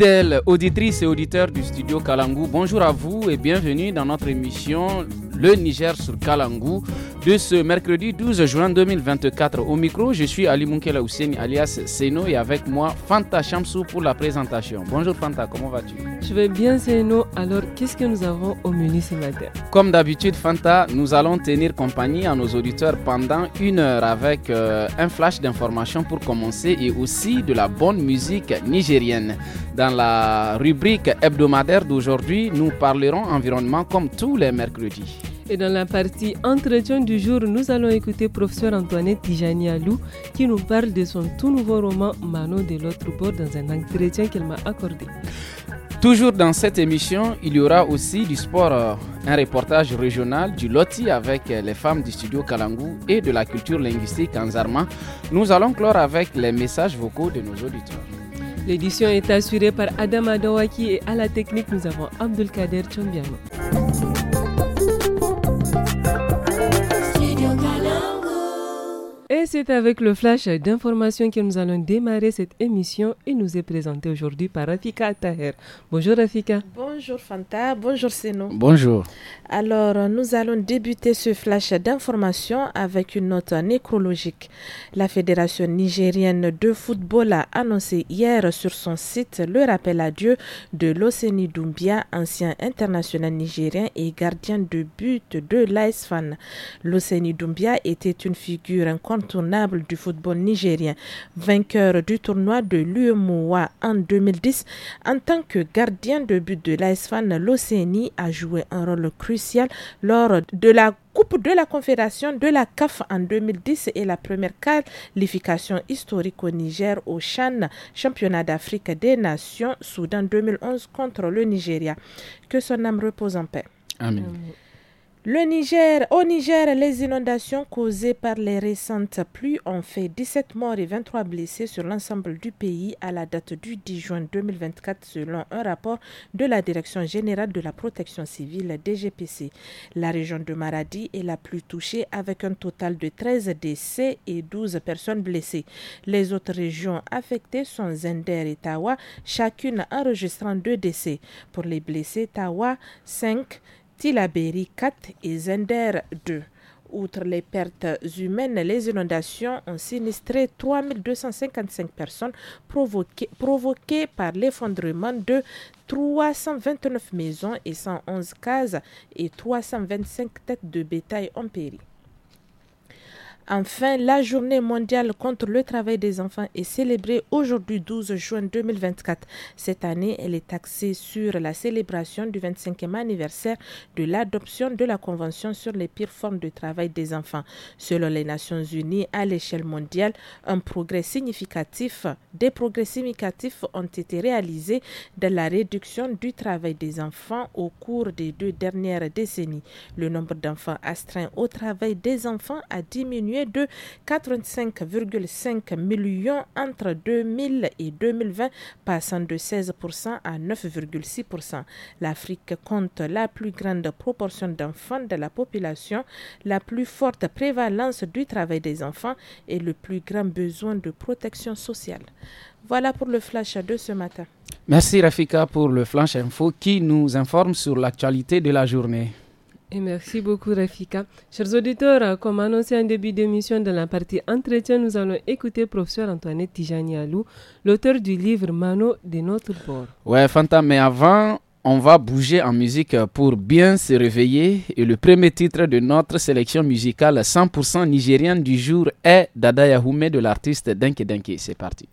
Fidèles auditrices et auditeurs du studio Kalangou, bonjour à vous et bienvenue dans notre émission Le Niger sur Kalangou de ce mercredi 12 juin 2024. Au micro, je suis Ali Moukela Hussein, alias Seno et avec moi Fanta Shamsou pour la présentation. Bonjour Fanta, comment vas-tu Je vais bien Seno. Alors, qu'est-ce que nous avons au menu ce matin Comme d'habitude Fanta, nous allons tenir compagnie à nos auditeurs pendant une heure avec euh, un flash d'informations pour commencer et aussi de la bonne musique nigérienne. Dans la rubrique hebdomadaire d'aujourd'hui, nous parlerons environnement comme tous les mercredis. Et dans la partie entretien du jour, nous allons écouter professeur Antoinette Tijani Alou qui nous parle de son tout nouveau roman Mano de l'autre bord dans un entretien qu'elle m'a accordé. Toujours dans cette émission, il y aura aussi du sport, euh, un reportage régional du Loti avec euh, les femmes du studio Kalangou et de la culture linguistique en Zarma. Nous allons clore avec les messages vocaux de nos auditeurs. L'édition est assurée par Adam Adawaki et à la technique, nous avons Abdelkader Tchombiano. Et c'est avec le flash d'information que nous allons démarrer cette émission et nous est présenté aujourd'hui par Rafika Taher. Bonjour Rafika. Bonjour Fanta, bonjour Seno. Bonjour. Alors, nous allons débuter ce flash d'information avec une note nécrologique. La Fédération nigérienne de football a annoncé hier sur son site le rappel à Dieu de Loseni Doumbia, ancien international nigérien et gardien de but de l'ASFAN. Loseni Doumbia était une figure incontournable incontournable du football nigérien. Vainqueur du tournoi de l'UMOA en 2010, en tant que gardien de but de l'ASFAN, l'Océanie a joué un rôle crucial lors de la Coupe de la Confédération de la CAF en 2010 et la première qualification historique au Niger au Chan, championnat d'Afrique des Nations, Soudan 2011 contre le Nigeria. Que son âme repose en paix. Amen. Le Niger, au Niger, les inondations causées par les récentes pluies ont fait 17 morts et 23 blessés sur l'ensemble du pays à la date du 10 juin 2024 selon un rapport de la Direction générale de la protection civile DGPC. La région de Maradi est la plus touchée avec un total de 13 décès et 12 personnes blessées. Les autres régions affectées sont Zender et Tawa, chacune enregistrant 2 décès. Pour les blessés, Tawa 5, Tilaberi 4 et Zender 2. Outre les pertes humaines, les inondations ont sinistré 3255 personnes provoquées, provoquées par l'effondrement de 329 maisons et 111 cases et 325 têtes de bétail en péri. Enfin, la journée mondiale contre le travail des enfants est célébrée aujourd'hui 12 juin 2024. Cette année, elle est axée sur la célébration du 25e anniversaire de l'adoption de la Convention sur les pires formes de travail des enfants. Selon les Nations Unies, à l'échelle mondiale, un progrès significatif, des progrès significatifs ont été réalisés dans la réduction du travail des enfants au cours des deux dernières décennies. Le nombre d'enfants astreints au travail des enfants a diminué de 85,5 millions entre 2000 et 2020, passant de 16% à 9,6%. L'Afrique compte la plus grande proportion d'enfants de la population, la plus forte prévalence du travail des enfants et le plus grand besoin de protection sociale. Voilà pour le flash de ce matin. Merci Rafika pour le flash info qui nous informe sur l'actualité de la journée. Et merci beaucoup Rafika. Chers auditeurs, comme annoncé en début d'émission de la partie entretien, nous allons écouter professeur Antoinette Tijani Alou, l'auteur du livre Mano de notre bord. Ouais, Fanta, mais avant, on va bouger en musique pour bien se réveiller. Et le premier titre de notre sélection musicale 100% nigérienne du jour est Dada Yahoume de l'artiste Denke Denke. C'est parti.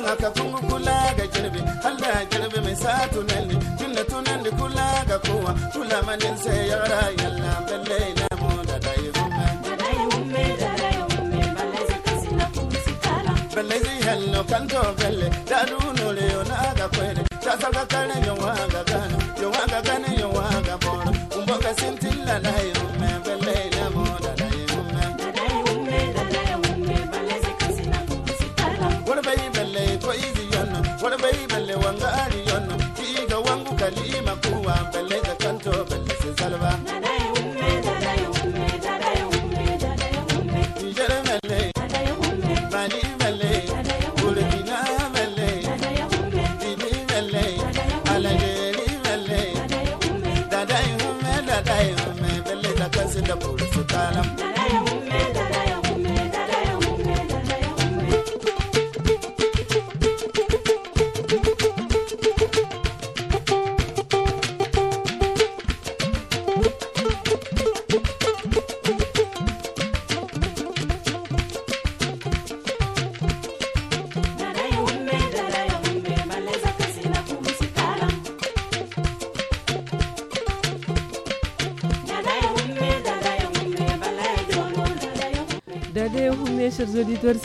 langa ka kungu kula ga jirbi halla jirbi mai sa tunanni tunna tunanni kula ga kowa kula manin sai yara yalla balle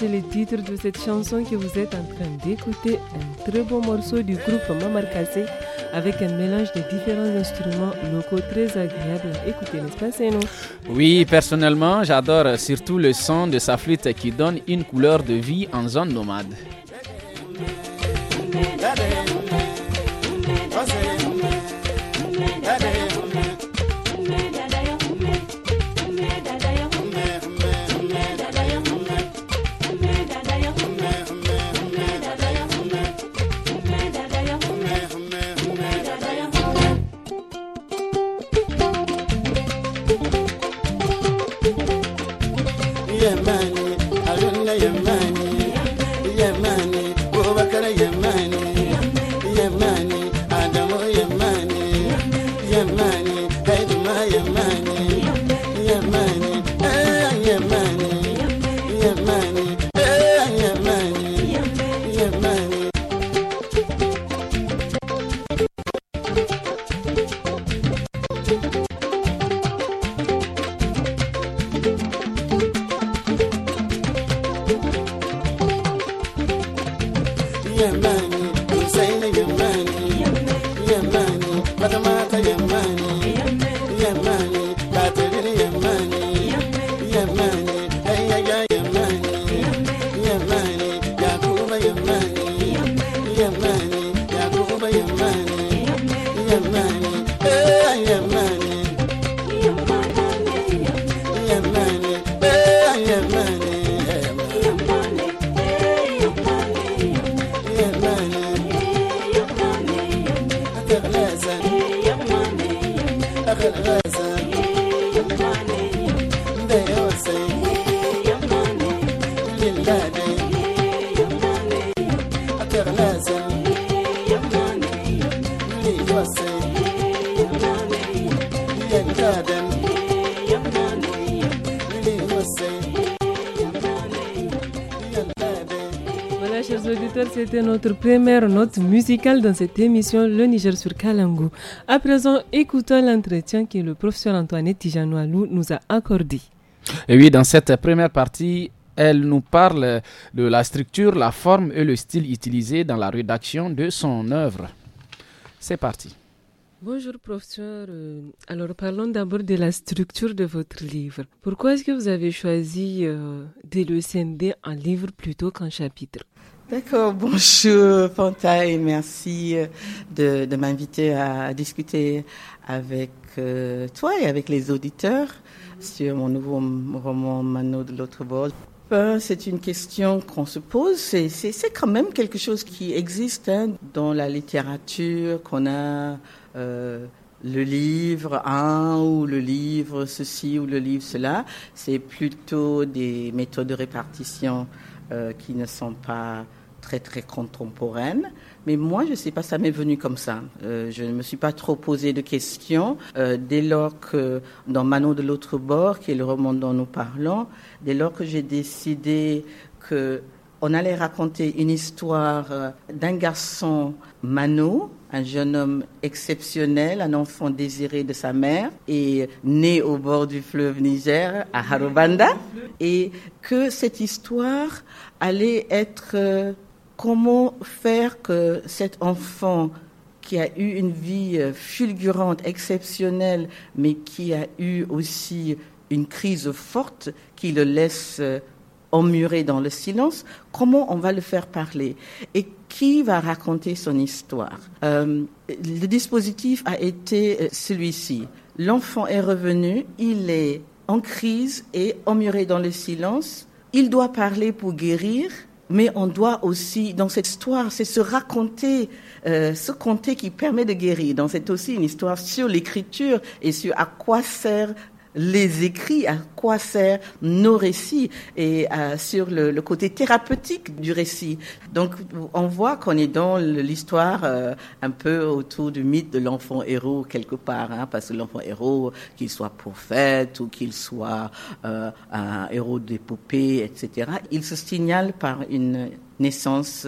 les le titre de cette chanson que vous êtes en train d'écouter, un très beau morceau du groupe Mamar avec un mélange de différents instruments locaux très agréable à écouter, n'est-ce pas nous Oui, personnellement, j'adore surtout le son de sa flûte qui donne une couleur de vie en zone nomade. chers auditeurs, c'était notre première note musicale dans cette émission Le Niger sur Kalangu. À présent, écoutons l'entretien que le professeur Antoinette Tijanoualou nous a accordé. Et oui, dans cette première partie, elle nous parle de la structure, la forme et le style utilisé dans la rédaction de son œuvre. C'est parti. Bonjour professeur. Euh, alors parlons d'abord de la structure de votre livre. Pourquoi est-ce que vous avez choisi euh, de le scinder en livre plutôt qu'en chapitre D'accord, bonjour Fanta et merci euh, de, m'inviter à discuter avec euh, toi et avec les auditeurs sur mon nouveau roman Mano de l'autre bord. Ben, c'est une question qu'on se pose. C'est, quand même quelque chose qui existe hein, dans la littérature, qu'on a euh, le livre 1 ou le livre ceci ou le livre cela. C'est plutôt des méthodes de répartition euh, qui ne sont pas très très contemporaines. Mais moi, je ne sais pas, ça m'est venu comme ça. Euh, je ne me suis pas trop posé de questions. Euh, dès lors que, dans Manon de l'autre bord, qui est le roman dont nous parlons, dès lors que j'ai décidé que on allait raconter une histoire euh, d'un garçon Mano, un jeune homme exceptionnel, un enfant désiré de sa mère et né au bord du fleuve Niger à Harubanda. et que cette histoire allait être euh, comment faire que cet enfant qui a eu une vie euh, fulgurante, exceptionnelle, mais qui a eu aussi une crise forte qui le laisse emmuré dans le silence, comment on va le faire parler et qui va raconter son histoire. Euh, le dispositif a été euh, celui-ci. L'enfant est revenu, il est en crise et emmuré dans le silence. Il doit parler pour guérir, mais on doit aussi, dans cette histoire, c'est se raconter, euh, se conter qui permet de guérir. Donc c'est aussi une histoire sur l'écriture et sur à quoi sert les écrits, à quoi sert nos récits et euh, sur le, côté thérapeutique du récit. Donc on voit qu'on est dans l'histoire euh, un peu autour du mythe de l'enfant héros quelque part, hein, parce que l'enfant héros, qu'il soit prophète ou qu'il soit euh, un héros d'épopée, etc., il se signale par une naissance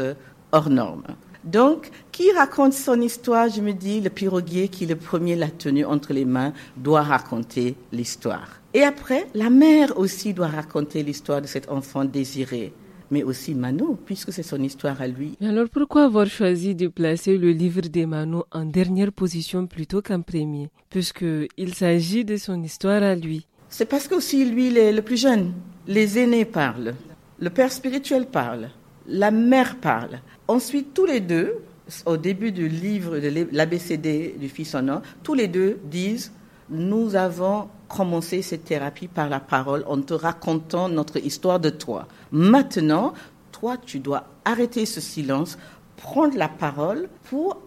hors norme. Donc, qui raconte son histoire Je me dis, le piroguier qui le premier l'a tenu entre les mains doit raconter l'histoire. Et après, la mère aussi doit raconter l'histoire de cet enfant désiré mais aussi Mano, puisque c'est son histoire à lui. alors pourquoi avoir choisi de placer le livre de Mano en dernière position plutôt qu'en premier, puisqu'il s'agit de son histoire à lui C'est parce que aussi lui, il est le plus jeune. Les aînés parlent, le père spirituel parle, la mère parle. Ensuite, tous les deux, au début du livre de l'ABCD du Fils en tous les deux disent Nous avons commencé cette thérapie par la parole en te racontant notre histoire de toi. Maintenant, toi, tu dois arrêter ce silence, prendre la parole pour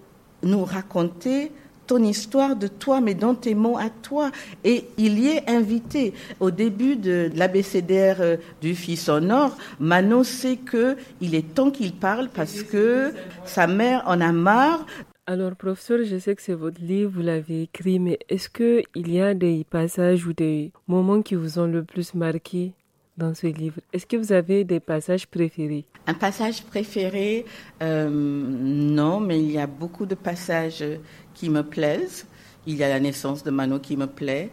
nous raconter ton histoire de toi, mais dans tes mots à toi. Et il y est invité. Au début de, l'ABCDR euh, du Fils Honor, Manon sait que il est temps qu'il parle parce que sa mère en a marre. Alors, professeur, je sais que c'est votre livre, vous l'avez écrit, mais est-ce qu'il y a des passages ou des moments qui vous ont le plus marqué dans ce livre. Est-ce que vous avez des passages préférés Un passage préféré, euh, non, mais il y a beaucoup de passages qui me plaisent. Il y a la naissance de Mano qui me plaît.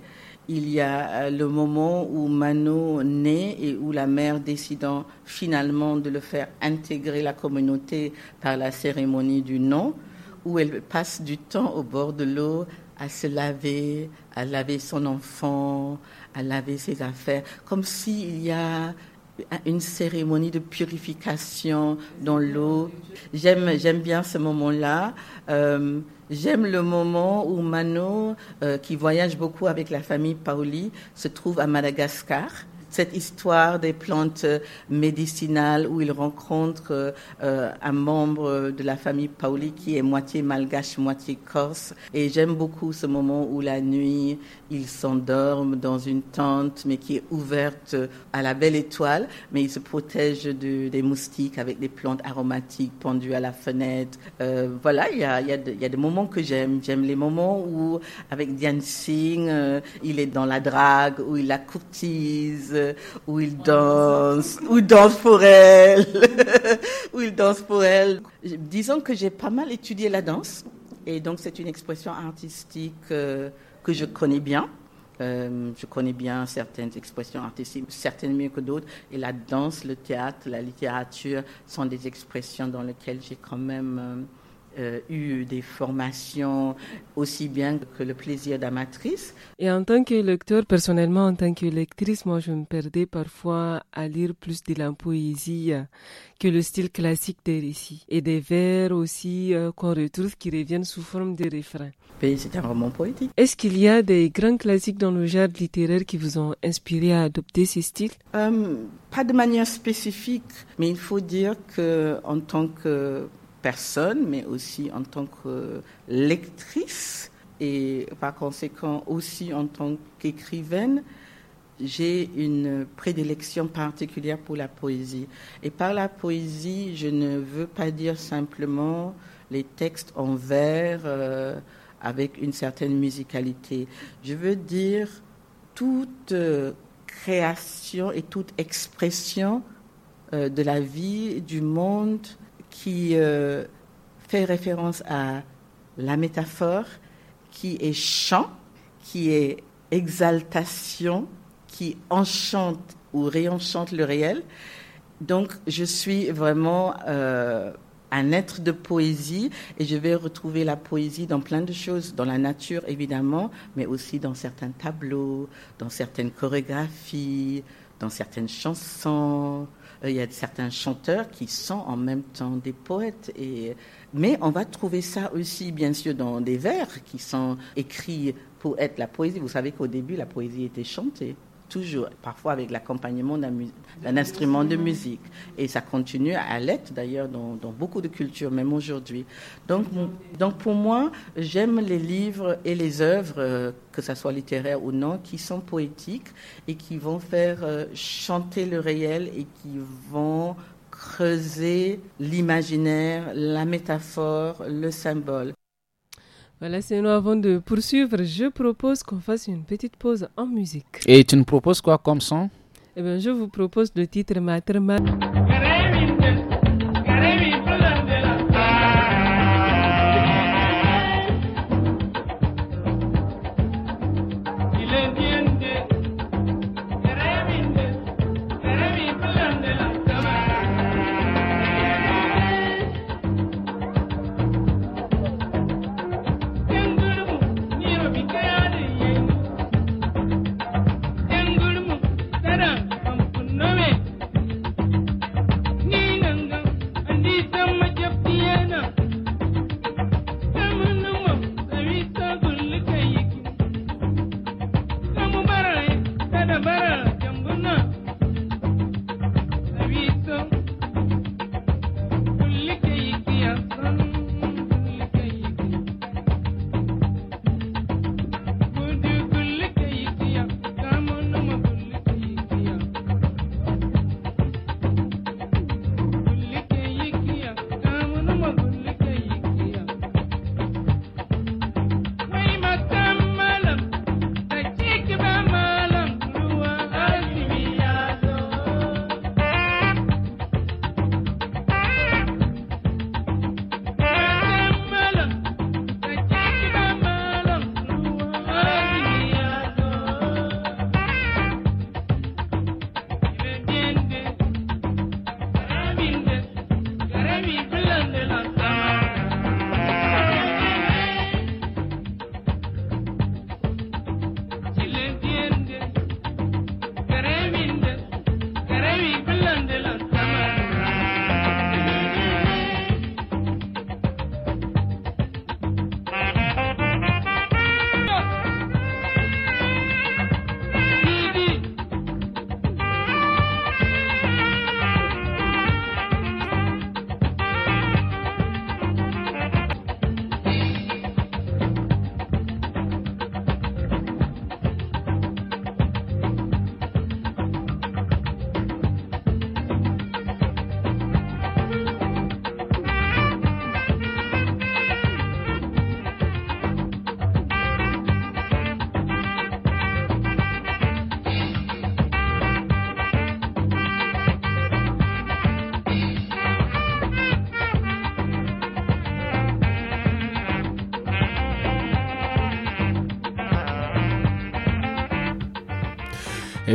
Il y a euh, le moment où Mano naît et où la mère décide finalement de le faire intégrer la communauté par la cérémonie du nom, où elle passe du temps au bord de l'eau à se laver, à laver son enfant, à laver ses affaires, comme s'il y a une cérémonie de purification dans l'eau. J'aime, j'aime bien ce moment-là. Euh, j'aime le moment où Mano, euh, qui voyage beaucoup avec la famille Paoli, se trouve à Madagascar cette histoire des plantes euh, médicinales où il rencontre euh, un membre de la famille Paoli qui est moitié malgache, moitié corse. Et j'aime beaucoup ce moment où la nuit, il s'endorment dans une tente, mais qui est ouverte euh, à la belle étoile, mais il se protège des moustiques avec des plantes aromatiques pendues à la fenêtre. voilà, il y a, des moments que j'aime. J'aime les moments où, avec Dian Singh, il est dans la drague, où il la courtise où il danse, où il danse pour elle, où il danse pour elle. Disons que j'ai pas mal étudié la danse, et donc c'est une expression artistique euh, que je connais bien. Euh, je connais bien certaines expressions artistiques, certaines mieux que d'autres. Et la danse, le théâtre, la littérature sont des expressions dans lesquelles j'ai quand même... Euh, euh, eu des formations aussi bien que le plaisir d'amatrice. Et en tant que lecteur, personnellement, en tant que lectrice, moi, je me perdais parfois à lire plus de la poésie euh, que le style classique des récits et des vers aussi euh, qu'on retrouve qui reviennent sous forme de refrains. C'est un roman poétique. Est-ce qu'il y a des grands classiques dans le genre littéraire qui vous ont inspiré à adopter ces styles Pas de manière spécifique, mais il faut dire que en tant que personne, mais aussi en tant que lectrice et par conséquent aussi en tant qu'écrivaine, j'ai une prédilection particulière pour la poésie. Et par la poésie, je ne veux pas dire simplement les textes en vers euh, avec une certaine musicalité. Je veux dire toute euh, création et toute expression euh, de la vie, du monde, qui euh, fait référence à la métaphore, qui est chant, qui est exaltation, qui enchante ou réenchante le réel. Donc je suis vraiment euh, un être de poésie et je vais retrouver la poésie dans plein de choses, dans la nature évidemment, mais aussi dans certains tableaux, dans certaines chorégraphies, dans certaines chansons, euh, il y a certains chanteurs qui sont en même temps des poètes. Et, mais on va trouver ça aussi, bien sûr, dans des vers qui sont écrits pour être la poésie. Vous savez qu'au début, la poésie était chantée toujours, parfois avec l'accompagnement d'un instrument de musique. Et ça continue à l'être d'ailleurs dans, beaucoup de cultures, même aujourd'hui. Donc, donc pour moi, j'aime les livres et les œuvres, euh, que ce soit littéraire ou non, qui sont poétiques et qui vont faire euh, chanter le réel et qui vont creuser l'imaginaire, la métaphore, le symbole. Voilà, c'est nous. Avant de poursuivre, je propose qu'on fasse une petite pause en musique. Et tu nous proposes quoi comme son Eh bien, je vous propose le titre Materma.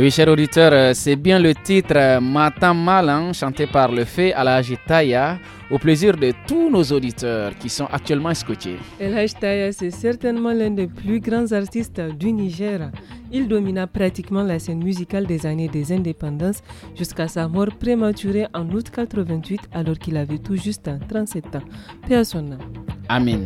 oui, cher auditeur, euh, c'est bien le titre euh, Matam Malin, hein, chanté par le fait à la au plaisir de tous nos auditeurs qui sont actuellement scotchés. El Taya, c'est certainement l'un des plus grands artistes du Niger. Il domina pratiquement la scène musicale des années des indépendances jusqu'à sa mort prématurée en août 88 alors qu'il avait tout juste 37 ans. Paix Amen.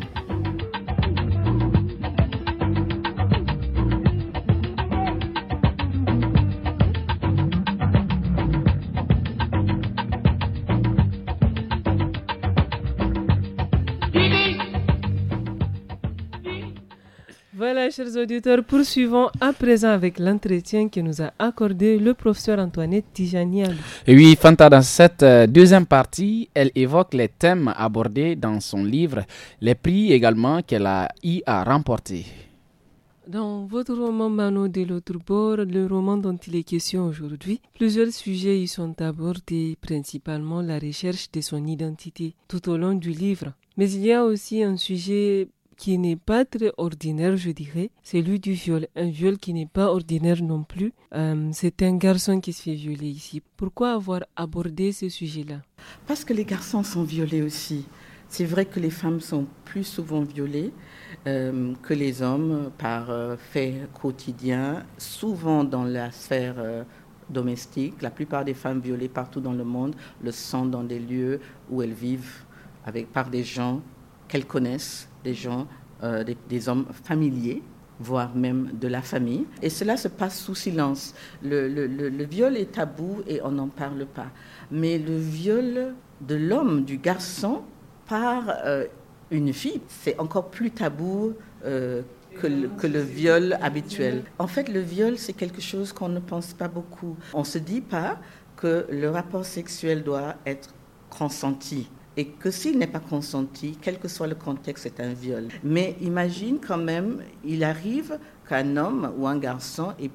chers auditeurs, poursuivons à présent avec l'entretien que nous a accordé le professeur Antoinette Tijanial. Oui, Fanta, dans cette euh, deuxième partie, elle évoque les thèmes abordés dans son livre, les prix également qu'elle a y à Dans votre roman Mano de l'autre bord, le roman dont il est question aujourd'hui, plusieurs sujets y sont abordés, principalement la recherche de son identité tout au long du livre. Mais il y a aussi un sujet qui n'est pas très ordinaire, je dirais, celui du viol. Un viol qui n'est pas ordinaire non plus. Euh, c'est un garçon qui se fait violer ici. Pourquoi avoir abordé ce sujet-là Parce que les garçons sont violés aussi. C'est vrai que les femmes sont plus souvent violées euh, que les hommes par euh, fait quotidien, souvent dans la sphère domestique. La plupart des femmes violées partout dans le monde le sont dans des lieux où elles vivent avec, par des gens qu'elles connaissent des gens, euh, des, hommes familiers voire même de la famille. Et cela se passe sous silence. Le, viol est tabou et on n'en parle pas. Mais le viol de l'homme, du garçon, par euh, une fille, c'est encore plus tabou euh, que le, que le, viol habituel. En fait, le viol, c'est quelque chose qu'on ne pense pas beaucoup. On ne se dit pas que le rapport sexuel doit être consenti et que s'il n'est pas consenti, quel que soit le contexte, c'est un viol. Mais imagine quand même, il arrive qu'un homme ou un garçon est,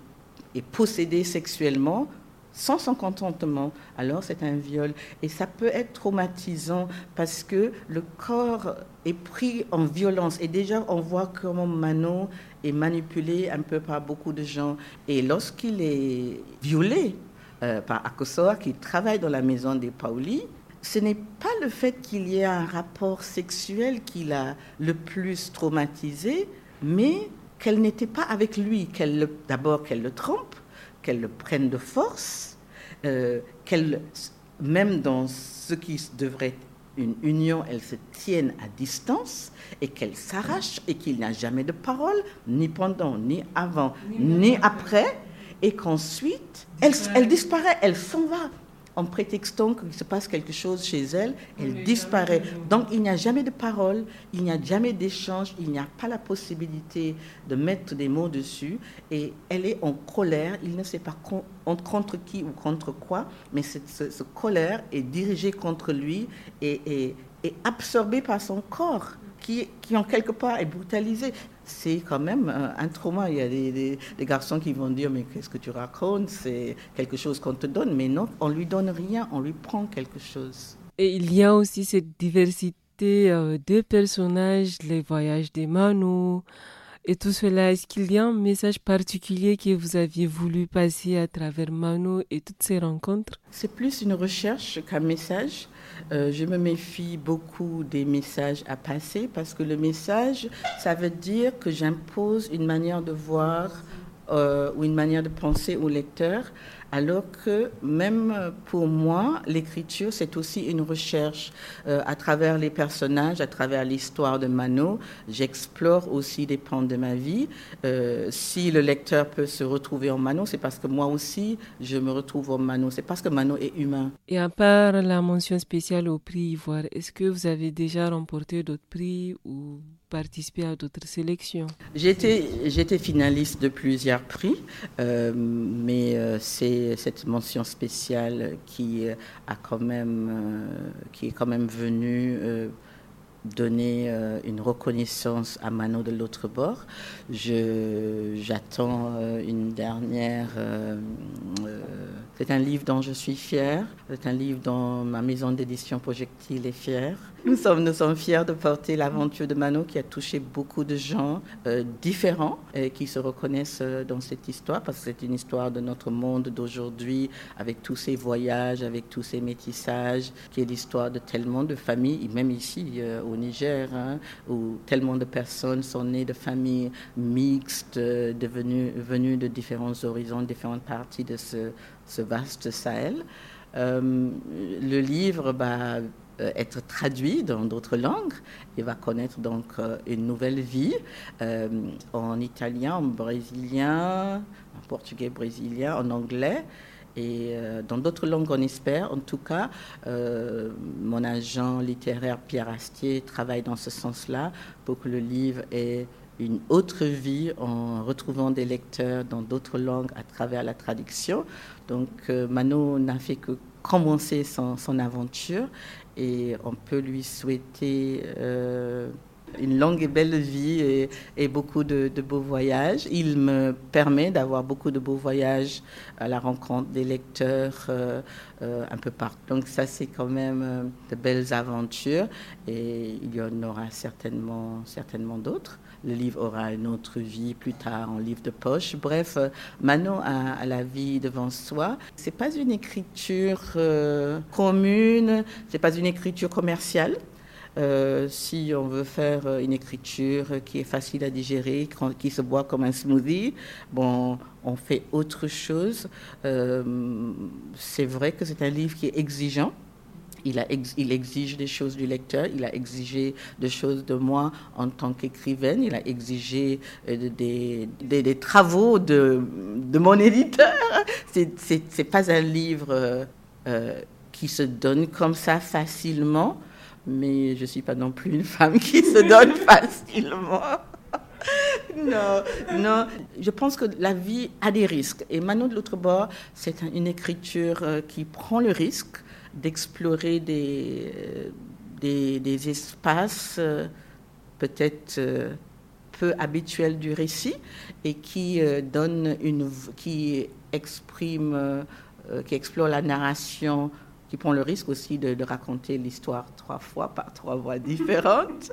possédé sexuellement sans son contentement. alors c'est un viol. Et ça peut être traumatisant parce que le corps est pris en violence. Et déjà, on voit comment Manon est manipulé un peu par beaucoup de gens. Et lorsqu'il est violé euh, par Akosoa, qui travaille dans la maison des Pauli, ce n'est pas le fait qu'il y ait un rapport sexuel qui l'a le plus traumatisé, mais qu'elle n'était pas avec lui, qu'elle d'abord qu'elle le trompe, qu'elle le prenne de force, euh, qu'elle même dans ce qui devrait être une union, elle se tienne à distance et qu'elle s'arrache et qu'il n'y a jamais de parole, ni pendant, ni avant, ni, après, et qu'ensuite, elle disparaît, elle s'en va en prétextant qu'il se passe quelque chose chez elle, elle disparaît. Donc il n'y a jamais de parole, il n'y a jamais d'échange, il n'y a pas la possibilité de mettre des mots dessus. Et elle est en colère, il ne sait pas contre qui ou contre quoi, mais cette ce, colère est dirigée contre lui et, et, absorbée par son corps qui, qui en quelque part est brutalisé c'est quand même euh, un trauma. Il y a des, garçons qui vont dire Mais qu'est-ce que tu racontes C'est quelque chose qu'on te donne. Mais non, on lui donne rien, on lui prend quelque chose. Et il y a aussi cette diversité euh, de personnages, les voyages des Manu et tout cela. Est-ce qu'il y a un message particulier que vous aviez voulu passer à travers Mano et toutes ces rencontres C'est plus une recherche qu'un message. Euh, je me méfie beaucoup des messages à passer parce que le message, ça veut dire que j'impose une manière de voir euh, ou une manière de penser au lecteur alors que même pour moi, l'écriture, c'est aussi une recherche euh, à travers les personnages, à travers l'histoire de Mano. J'explore aussi des pans de ma vie. Euh, si le lecteur peut se retrouver en Mano, c'est parce que moi aussi, je me retrouve en Mano. C'est parce que Mano est humain. Et à part la mention spéciale au prix Ivoire, est-ce que vous avez déjà remporté d'autres prix ou participer à d'autres sélections J'étais finaliste de plusieurs prix, euh, mais euh, c'est cette mention spéciale qui, euh, a quand même, qui est quand même venue donner euh, une reconnaissance à Mano de l'autre bord. J'attends euh, une dernière... Euh, c'est un livre dont je suis fière. C'est un livre dont ma maison d'édition Projectile est fière. Nous sommes, nous sommes fiers de porter l'aventure de Mano qui a touché beaucoup de gens différents et qui se reconnaissent dans cette histoire parce que c'est une histoire de notre monde d'aujourd'hui avec tous ces voyages, avec tous ces métissages, qui est l'histoire de tellement de familles, et même ici au au Niger, hein, où tellement de personnes sont nées de familles mixtes, euh, devenues, venues de différents horizons, différentes parties de ce, vaste Sahel. Euh, le livre va euh, être traduit dans d'autres langues et va connaître donc une nouvelle vie en italien, en brésilien, en portugais brésilien, en anglais. Et euh, dans d'autres langues, on espère. En tout cas, euh, mon agent littéraire Pierre Astier travaille dans ce sens-là pour que le livre ait une autre vie en retrouvant des lecteurs dans d'autres langues à travers la traduction. Donc euh, Manon n'a fait que commencer son, son, aventure et on peut lui souhaiter une longue et belle vie et, beaucoup de, beaux voyages. Il me permet d'avoir beaucoup de beaux voyages à la rencontre des lecteurs euh, euh, un peu partout. Donc ça, c'est quand même euh, de belles aventures et il y en aura certainement, certainement d'autres. Le livre aura une autre vie plus tard en livre de poche. Bref, Manon a, la vie devant soi. C'est pas une écriture commune, c'est pas une écriture commerciale. Euh, si on veut faire euh, une écriture qui est facile à digérer, qui se boit comme un smoothie, bon, on fait autre chose. Euh, c'est vrai que c'est un livre qui est exigeant. Il, exige des choses du lecteur, il a exigé des choses de moi en tant qu'écrivaine, il a exigé des, travaux de, mon éditeur. C'est pas un livre qui se donne comme ça facilement mais je ne suis pas non plus une femme qui se donne facilement. non, non. Je pense que la vie a des risques. Et Manon de l'autre bord, c'est une écriture euh, qui prend le risque d'explorer des, euh, des, des, espaces euh, peut-être peu habituels du récit et qui donne une, qui exprime, qui explore la narration qui prend le risque aussi de, raconter l'histoire trois fois par trois voies différentes,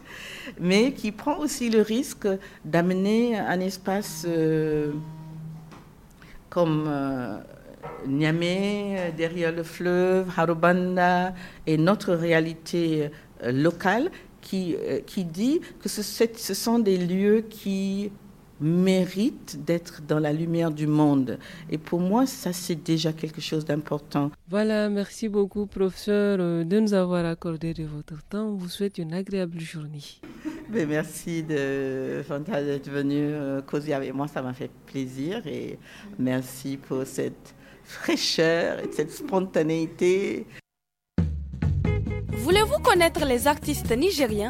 mais qui prend aussi le risque d'amener un espace euh, comme euh, Niamey, euh, derrière le fleuve, Harubanda, et notre réalité locale qui, qui dit que ce, ce sont des lieux qui mérite d'être dans la lumière du monde. Et pour moi, ça, c'est déjà quelque chose d'important. Voilà, merci beaucoup, professeur, euh, de nous avoir accordé de votre temps. On vous souhaite une agréable journée. Ben, merci de Fanta d'être venu euh, causer avec moi, ça m'a fait plaisir et merci pour cette fraîcheur et cette spontanéité. Voulez-vous connaître les artistes nigériens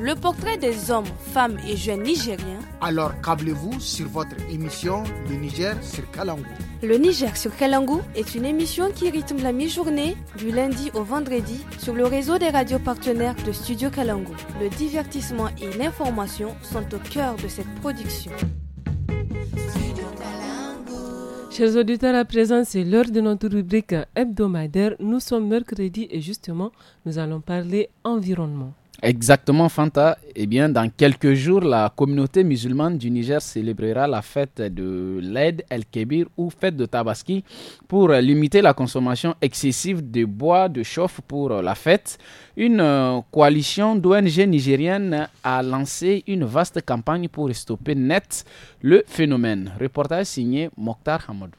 le portrait des hommes, femmes et jeunes nigériens. Alors câblez-vous sur votre émission Le Niger sur Kalangou. Le Niger sur Kalangou est une émission qui rythme la mi-journée du lundi au vendredi sur le réseau des radios partenaires de Studio Kalangou. Le divertissement et l'information sont au cœur de cette production. Chers auditeurs, à présent, c'est l'heure de notre rubrique hebdomadaire. Nous sommes mercredi et justement, nous allons parler environnement. Exactement, Fanta. Eh bien, dans quelques jours, la communauté musulmane du Niger célébrera la fête de l'aide el-Kébir ou fête de Tabaski pour limiter la consommation excessive de bois de chauffe pour la fête. Une euh, coalition d'ONG nigérienne a lancé une vaste campagne pour stopper net le phénomène. Reportage signé Mokhtar Hamadou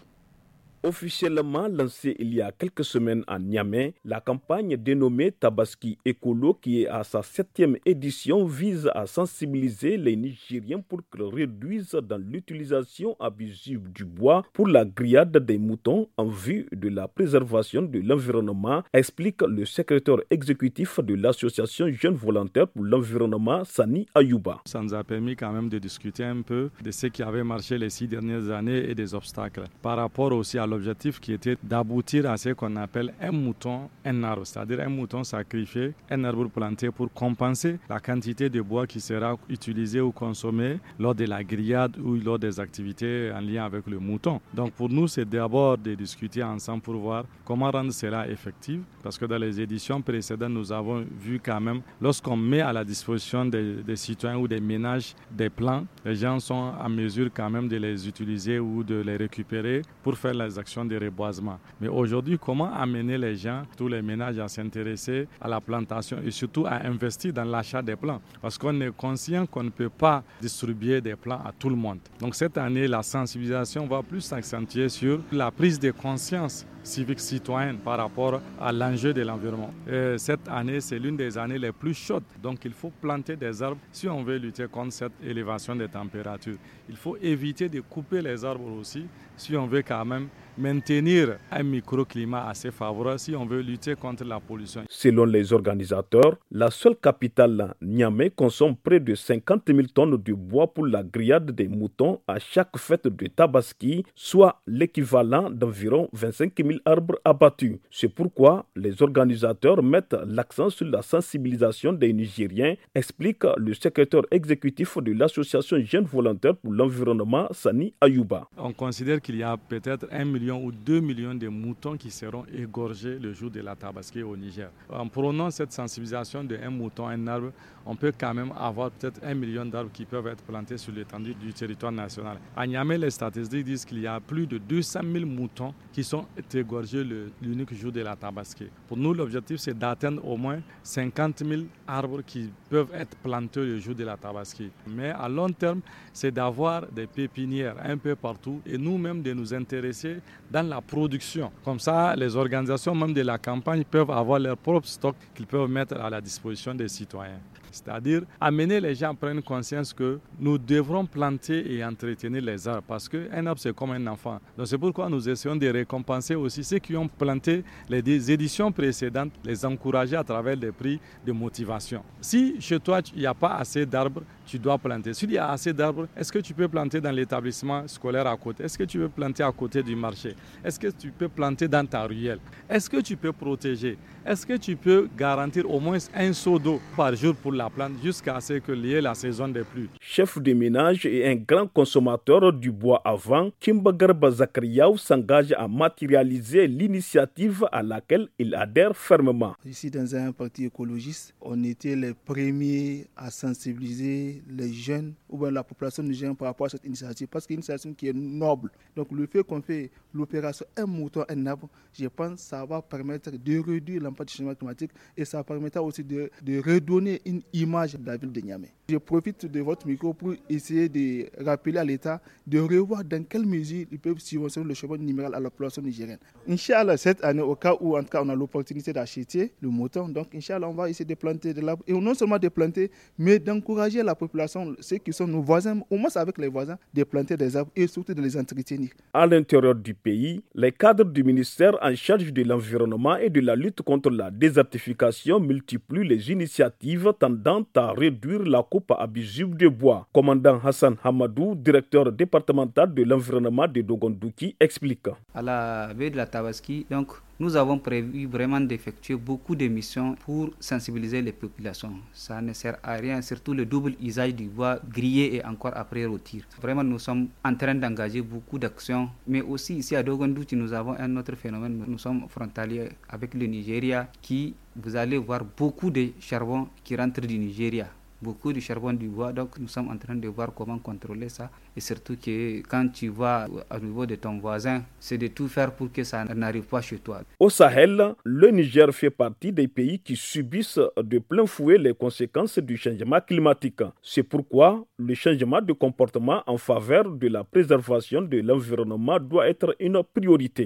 officiellement lancée il y a quelques semaines à Niamey, la campagne dénommée Tabaski Écolo, qui est à sa septième édition, vise à sensibiliser les Nigériens pour qu'ils réduisent dans l'utilisation abusive du bois pour la grillade des moutons en vue de la préservation de l'environnement, explique le secrétaire exécutif de l'association Jeunes Volontaires pour l'environnement, Sani Ayouba. Ça nous a permis quand même de discuter un peu de ce qui avait marché les six dernières années et des obstacles par rapport aussi à objectif qui était d'aboutir à ce qu'on appelle un mouton, un arbre, c'est-à-dire un mouton sacrifié, un arbre planté pour compenser la quantité de bois qui sera utilisée ou consommée lors de la grillade ou lors des activités en lien avec le mouton. Donc pour nous, c'est d'abord de discuter ensemble pour voir comment rendre cela effectif, parce que dans les éditions précédentes, nous avons vu quand même, lorsqu'on met à la disposition des, citoyens ou des ménages des plans, les gens sont à mesure quand même de les utiliser ou de les récupérer pour faire les activités de reboisement. Mais aujourd'hui, comment amener les gens, tous les ménages à s'intéresser à la plantation et surtout à investir dans l'achat des plants Parce qu'on est conscient qu'on ne peut pas distribuer des plants à tout le monde. Donc cette année, la sensibilisation va plus s'accentuer sur la prise de conscience civique citoyenne par rapport à l'enjeu de l'environnement. Cette année, c'est l'une des années les plus chaudes, donc il faut planter des arbres si on veut lutter contre cette élévation des températures. Il faut éviter de couper les arbres aussi si on veut quand même maintenir un microclimat assez favorable si on veut lutter contre la pollution. Selon les organisateurs, la seule capitale, Niamey, consomme près de 50 000 tonnes de bois pour la grillade des moutons à chaque fête de Tabaski, soit l'équivalent d'environ 25 000 arbres abattus. C'est pourquoi les organisateurs mettent l'accent sur la sensibilisation des Nigériens, explique le secrétaire exécutif de l'association Jeunes Volontaires pour l'Environnement, Sani Ayouba. On considère qu'il y a peut-être un million ou 2 millions de moutons qui seront égorgés le jour de la tabasquée au Niger. En prenant cette sensibilisation de un mouton, un arbre, on peut quand même avoir peut-être un million d'arbres qui peuvent être plantés sur l'étendue du territoire national. À Niamey, les statistiques disent qu'il y a plus de 200 000 moutons qui sont égorgés l'unique jour de la tabasquée. Pour nous, l'objectif, c'est d'atteindre au moins 50 000 arbres qui peuvent être plantés le jour de la tabasquée. Mais à long terme, c'est d'avoir des pépinières un peu partout et nous-mêmes de nous intéresser dans la production. Comme ça, les organisations même de la campagne peuvent avoir leur propre stock qu'ils peuvent mettre à la disposition des citoyens c'est-à-dire amener les gens à prendre conscience que nous devrons planter et entretenir les arbres, parce qu'un arbre, c'est comme un enfant. Donc c'est pourquoi nous essayons de récompenser aussi ceux qui ont planté les éditions précédentes, les encourager à travers des prix de motivation. Si chez toi, il n'y a pas assez d'arbres, tu dois planter. S'il y a assez d'arbres, est-ce que tu peux planter dans l'établissement scolaire à côté Est-ce que tu peux planter à côté du marché Est-ce que tu peux planter dans ta ruelle Est-ce que tu peux protéger Est-ce que tu peux garantir au moins un seau d'eau par jour pour la plante jusqu'à ce que y ait la saison des pluies Chef de ménage et un grand consommateur du bois avant, Kimbagarba Bazakriaou s'engage à matérialiser l'initiative à laquelle il adhère fermement. Ici, dans un parti écologiste, on était les premiers à sensibiliser les jeunes ou bien la population nigérienne par rapport à cette initiative parce qu'une a qui est noble. Donc le fait qu'on fait l'opération Un mouton, un arbre, je pense que ça va permettre de réduire l'impact du changement climatique et ça permettra aussi de, redonner une image de la ville de Niamey. Je profite de votre micro pour essayer de rappeler à l'État de revoir dans quelle mesure ils peuvent subventionner le chemin numéral à la population nigérienne. Inch'Allah, cette année, au cas où en tout cas on a l'opportunité d'acheter le mouton, donc Inch'Allah, on va essayer de planter de l'arbre et non seulement de planter, mais d'encourager la population population, ceux qui sont nos voisins, au moins avec les voisins, de planter des arbres et surtout de les entretenir. À l'intérieur du pays, les cadres du ministère en charge de l'environnement et de la lutte contre la désertification multiplient les initiatives tendant à réduire la coupe abusive de bois. Commandant Hassan Hamadou, directeur départemental de l'environnement de Dogondouki, explique. À la veille de la Tabaski, donc, nous avons prévu vraiment d'effectuer beaucoup de missions pour sensibiliser les populations. Ça ne sert à rien, surtout le double usage du bois grillé et encore après rôtir. Vraiment, nous sommes en train d'engager beaucoup d'actions. Mais aussi ici à Dogondouti, nous avons un autre phénomène. Nous sommes frontaliers avec le Nigeria qui, vous allez voir beaucoup de charbon qui rentre du Nigeria beaucoup du charbon du bois. Donc nous sommes en train de voir comment contrôler ça. Et surtout que quand tu vas au niveau de ton voisin, c'est de tout faire pour que ça n'arrive pas chez toi. Au Sahel, le Niger fait partie des pays qui subissent de plein fouet les conséquences du changement climatique. C'est pourquoi le changement de comportement en faveur de la préservation de l'environnement doit être une priorité.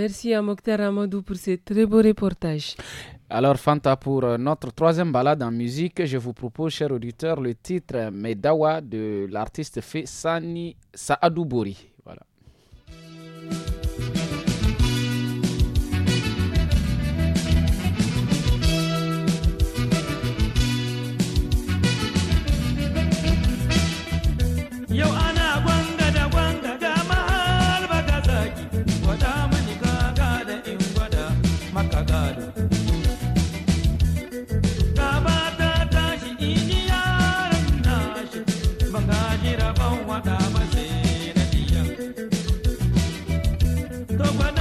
Merci à Mokhtar Amadou pour ce très beau reportage. Alors, Fanta, pour euh, notre troisième balade en musique, je vous propose, chers auditeurs, le titre Medawa de l'artiste Sani Saadou oh.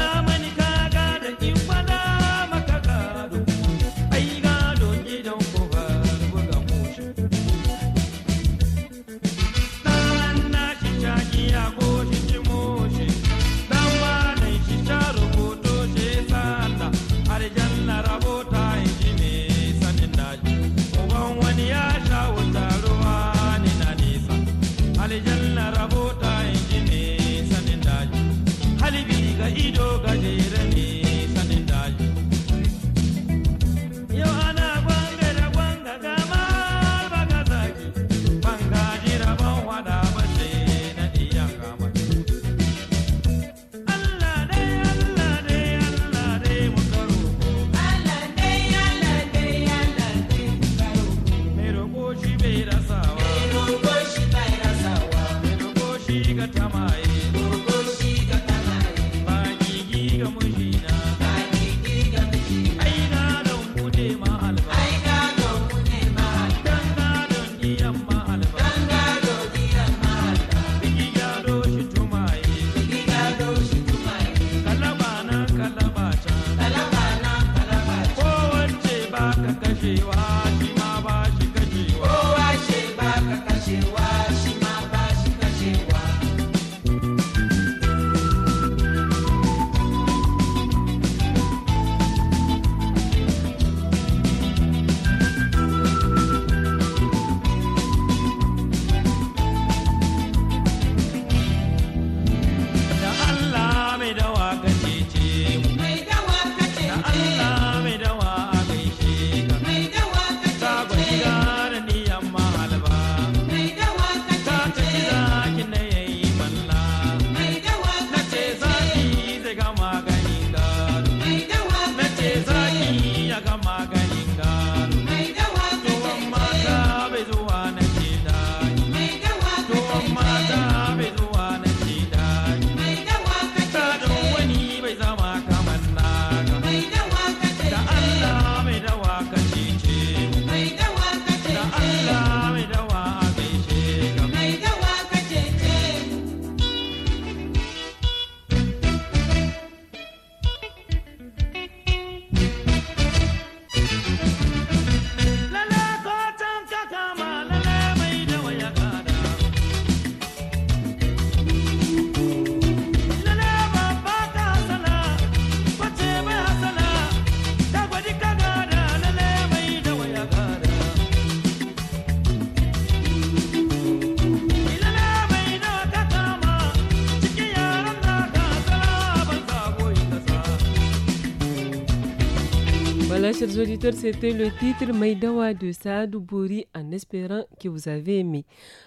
Voilà, chers auditeurs, c'était le titre Maïdawa de Saadou Bouri en espérant que vous avez aimé.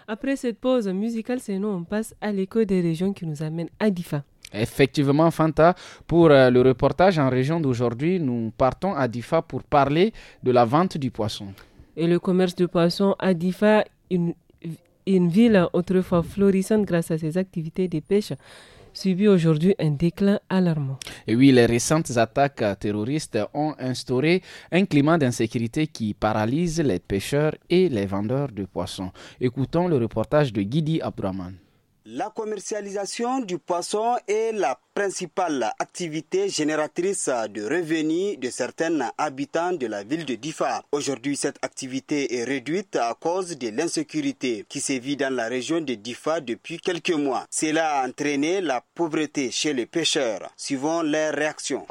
Après cette pause musicale, sinon on passe à l'écho des régions qui nous amène à Difa. Effectivement, Fanta, pour euh, le reportage en région d'aujourd'hui, nous partons à Difa pour parler de la vente du poisson. Et le commerce du poisson à Difa, une ville autrefois florissante grâce à ses activités de pêche, subit aujourd'hui un déclin alarmant. Et oui, les récentes attaques terroristes ont instauré un climat d'insécurité qui paralyse les pêcheurs et les vendeurs de poissons. Écoutons le reportage de Guidi Abdraman. La commercialisation du poisson est la principale activité génératrice de revenus de certains habitants de la ville de Difa. Aujourd'hui, cette activité est réduite à cause de l'insécurité qui sévit dans la région de Difa depuis quelques mois. Cela a entraîné la pauvreté chez les pêcheurs. suivant leurs réactions.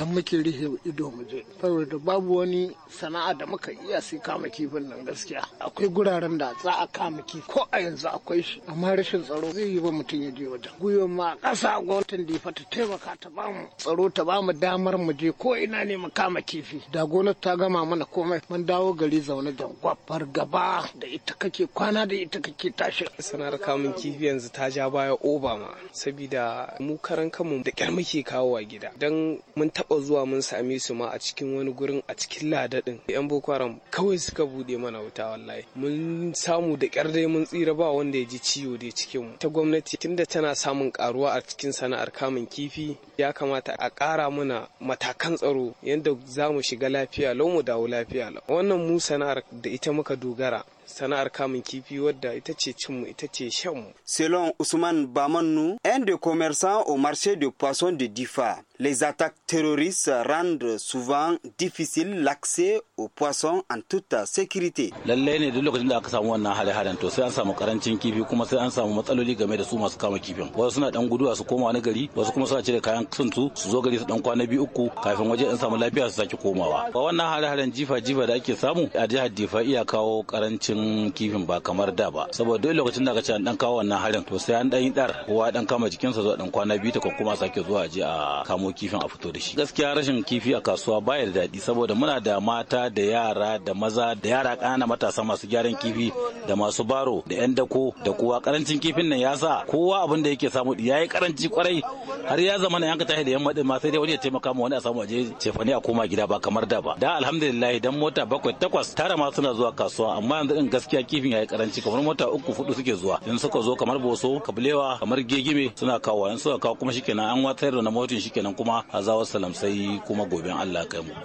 can muke rihe ido mu je saboda babu wani sana'a da muka iya sai kama kifin nan gaskiya akwai guraren da za a kama kifi ko a yanzu akwai shi amma rashin tsaro zai yi ba mutum ya je wajen gwiwar ma ƙasa gwamnatin da ya ta taimaka ta ba mu tsaro ta ba mu damar mu je ko ina ne mu kama kifi da gonar ta gama mana komai mun dawo gari zaune da gwabar gaba da ita kake kwana da ita kake tashi sanar kamun kifi yanzu ta ja baya oba ma saboda mu karan kanmu da kyar muke kawo a gida dan mun taɓa taba zuwa mun sami su ma a cikin wani gurin a cikin ladadin yan boko haram kawai suka buɗe mana wuta wallahi mun samu da kyar dai mun tsira ba wanda ya ji ciwo dai cikin mu ta gwamnati tunda tana samun karuwa a cikin sana'ar kamun kifi ya kamata a kara mana matakan tsaro yadda za mu shiga lafiya lau mu dawo lafiya lau wannan mu sana'ar da ita muka dogara sana'ar kamun kifi wadda ita ce cinmu ita ce shanmu. Selon Usman Bamanu. un de commerçant au marché de poisson de Difa, Les attaques terroristes rendent souvent difficile l'accès aux poissons en toute sécurité. Lallai ne duk lokacin da aka samu wannan hare-haren to sai an samu karancin kifi kuma sai an samu matsaloli game da su masu kama kifin. Wasu suna gudu a su koma wani gari, wasu kuma suna cire kayan sun su su zo gari su dan kwana biyu uku kafin waje an samu lafiya su sake komawa. Ba wannan hare-haren jifa-jifa da ake samu a jihar Difa iya kawo karancin kifin ba kamar da ba. Saboda duk lokacin da aka ce an dan kawo wannan harin to sai an dan yi dar kowa dan kama jikinsa zuwa dan kwana biyu ta kuma sake zuwa je a kamo kifin a fito da shi gaskiya rashin kifi a kasuwa baya da daɗi saboda muna da mata da yara da maza da yara ƙana matasa masu gyaran kifi da masu baro da 'yan dako da kowa karancin kifin nan ya sa kowa abin da yake samu ya yi karanci kwarai har ya zama na yanka tashi da yamma din ma sai dai wani ya taimaka ma wani a samu aje cefane a koma gida ba kamar da ba da alhamdulillah dan mota bakwai takwas tara ma suna zuwa kasuwa amma yanzu din gaskiya kifin ya yi karanci kamar mota uku hudu suke zuwa in suka zo kamar boso kabilewa kamar gegime suna kawo in suka kawo kuma shikenan an watsayar da na motin shikenan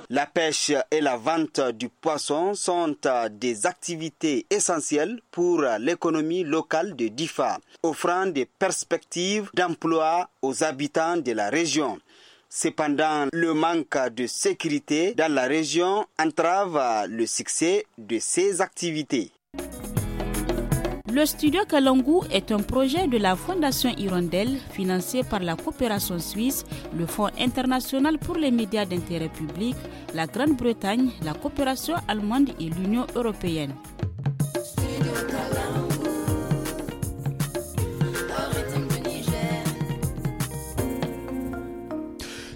La pêche et la vente du poisson sont des activités essentielles pour l'économie locale de Difa, offrant des perspectives d'emploi aux habitants de la région. Cependant, le manque de sécurité dans la région entrave le succès de ces activités. Le studio Kalangu est un projet de la Fondation Hirondelle financé par la coopération suisse, le Fonds international pour les médias d'intérêt public, la Grande-Bretagne, la coopération allemande et l'Union européenne.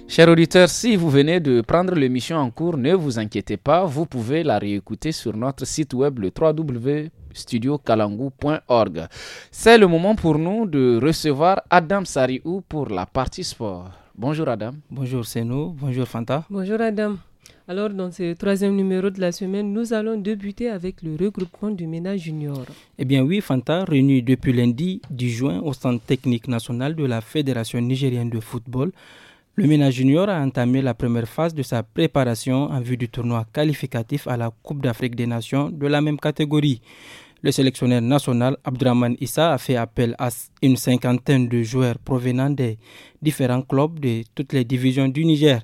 Chers auditeurs, si vous venez de prendre l'émission en cours, ne vous inquiétez pas, vous pouvez la réécouter sur notre site web le www studiokalangu.org. C'est le moment pour nous de recevoir Adam Sariou pour la partie sport. Bonjour Adam. Bonjour Seno. Bonjour Fanta. Bonjour Adam. Alors, dans ce troisième numéro de la semaine, nous allons débuter avec le regroupement du ménage junior. Eh bien oui, Fanta, réuni depuis lundi 10 juin au Centre technique national de la Fédération nigérienne de football, le Ménage Junior a entamé la première phase de sa préparation en vue du tournoi qualificatif à la Coupe d'Afrique des Nations de la même catégorie. Le sélectionneur national Abdraman Issa a fait appel à une cinquantaine de joueurs provenant des différents clubs de toutes les divisions du Niger.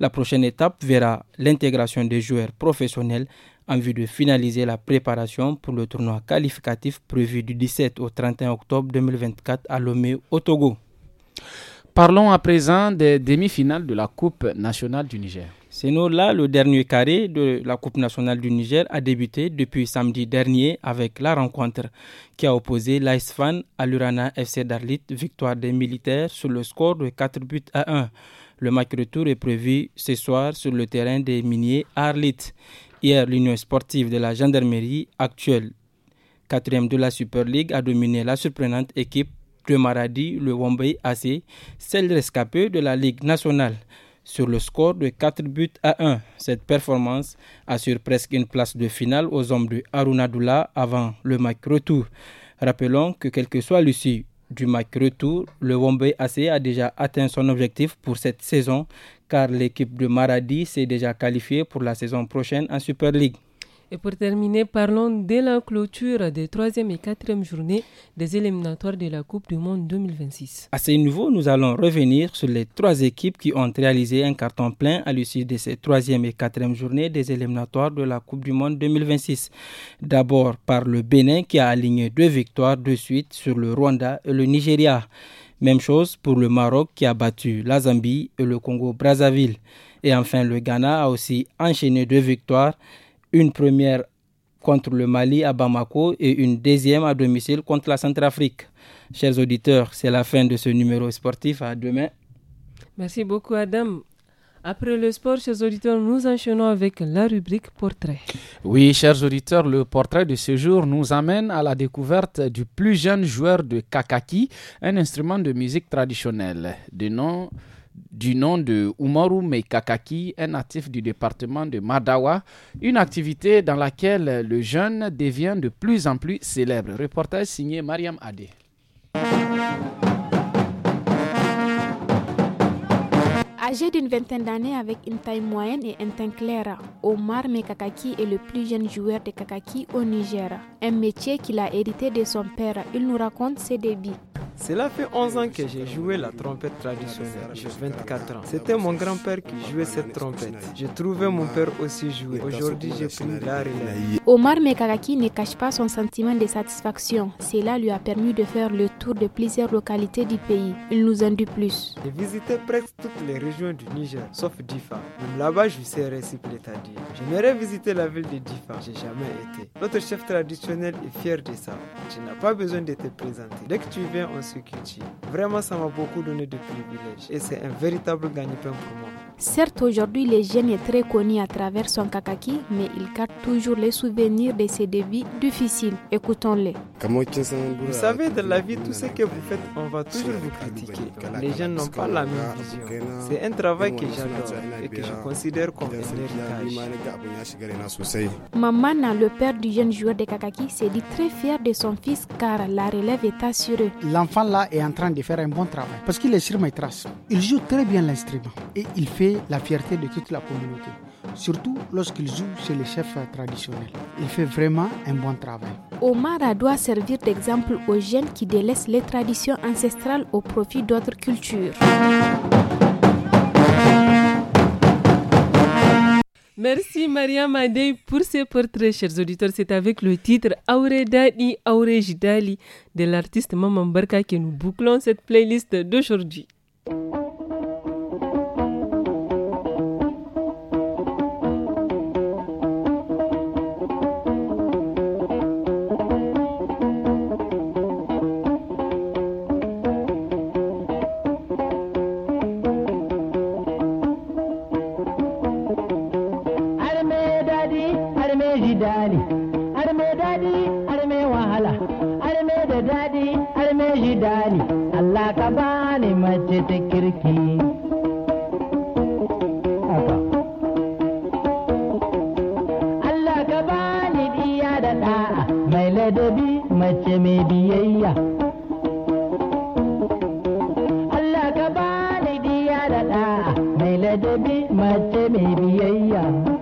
La prochaine étape verra l'intégration des joueurs professionnels en vue de finaliser la préparation pour le tournoi qualificatif prévu du 17 au 31 octobre 2024 à Lomé au Togo. Parlons à présent des demi-finales de la Coupe nationale du Niger. C'est nous là, le dernier carré de la Coupe nationale du Niger a débuté depuis samedi dernier avec la rencontre qui a opposé l'ISFAN à l'Urana FC Darlit, victoire des militaires sur le score de 4 buts à 1. Le match retour est prévu ce soir sur le terrain des miniers Arlit. Hier, l'Union sportive de la gendarmerie actuelle quatrième de la Super League, a dominé la surprenante équipe le Maradi, le Wombay AC, celle rescapée de la Ligue nationale sur le score de 4 buts à 1. Cette performance assure presque une place de finale aux hommes de Aruna avant le match retour. Rappelons que quel que soit l'issue du match retour, le Wombay AC a déjà atteint son objectif pour cette saison car l'équipe de Maradi s'est déjà qualifiée pour la saison prochaine en Super League. Et pour terminer, parlons de la clôture des troisième et quatrième journées des éliminatoires de la Coupe du Monde 2026. À ce niveau, nous allons revenir sur les trois équipes qui ont réalisé un carton plein à l'issue de ces troisième et quatrième journées des éliminatoires de la Coupe du Monde 2026. D'abord par le Bénin qui a aligné deux victoires de suite sur le Rwanda et le Nigeria. Même chose pour le Maroc qui a battu la Zambie et le Congo-Brazzaville. Et enfin, le Ghana a aussi enchaîné deux victoires une première contre le Mali à Bamako et une deuxième à domicile contre la Centrafrique. Chers auditeurs, c'est la fin de ce numéro sportif. À demain. Merci beaucoup, Adam. Après le sport, chers auditeurs, nous enchaînons avec la rubrique portrait. Oui, chers auditeurs, le portrait de ce jour nous amène à la découverte du plus jeune joueur de kakaki, un instrument de musique traditionnelle. De nom du nom de Umaru Meikakaki, un natif du département de Madawa, une activité dans laquelle le jeune devient de plus en plus célèbre. Reportage signé Mariam Adé. Âgé d'une vingtaine d'années avec une taille moyenne et un teint clair, Omar Mekakaki est le plus jeune joueur de Kakaki au Niger, un métier qu'il a hérité de son père. Il nous raconte ses débuts. Cela fait 11 ans que j'ai joué la trompette traditionnelle. J'ai 24 ans. C'était mon grand-père qui jouait cette trompette. J'ai trouvé mon père aussi jouer. Aujourd'hui, j'ai pris la relève. Omar Mekakaki ne cache pas son sentiment de satisfaction. Cela lui a permis de faire le tour de plusieurs localités du pays. Il nous en dit plus. J'ai visité presque toutes les régions du Niger, sauf Difa. Même là-bas, je sais réciproquer, c'est-à-dire, j'aimerais visiter la ville de Difa, j'ai jamais été. Notre chef traditionnel est fier de ça. Tu n'as pas besoin de te présenter. Dès que tu viens, on se cultive. Vraiment, ça m'a beaucoup donné de privilèges et c'est un véritable gagne-pain pour moi. Certes, aujourd'hui, les jeunes est très connu à travers son kakaki, mais il garde toujours les souvenirs de ses débuts difficiles. Écoutons-les. Vous savez, dans la vie, tout ce que vous faites, on va toujours vous critiquer. Les jeunes n'ont pas la même vision. C'est un travail que j'adore et que je considère comme un Maman, le père du jeune joueur de kakaki, s'est dit très fier de son fils car la relève est assurée. L'enfant là est en train de faire un bon travail parce qu'il est sur mes traces. Il joue très bien l'instrument et il fait la fierté de toute la communauté, surtout lorsqu'il joue chez les chefs traditionnels. Il fait vraiment un bon travail. Omara doit servir d'exemple aux jeunes qui délaissent les traditions ancestrales au profit d'autres cultures. Merci Maria Madei pour ces portraits, chers auditeurs. C'est avec le titre Aure Dadi, Aure Jidali de l'artiste Maman Barka que nous bouclons cette playlist d'aujourd'hui. sarki Allah ka bani diya da da'a mai ladabi mace mai biyayya Allah ka bani diya da da'a mai ladabi mace mai biyayya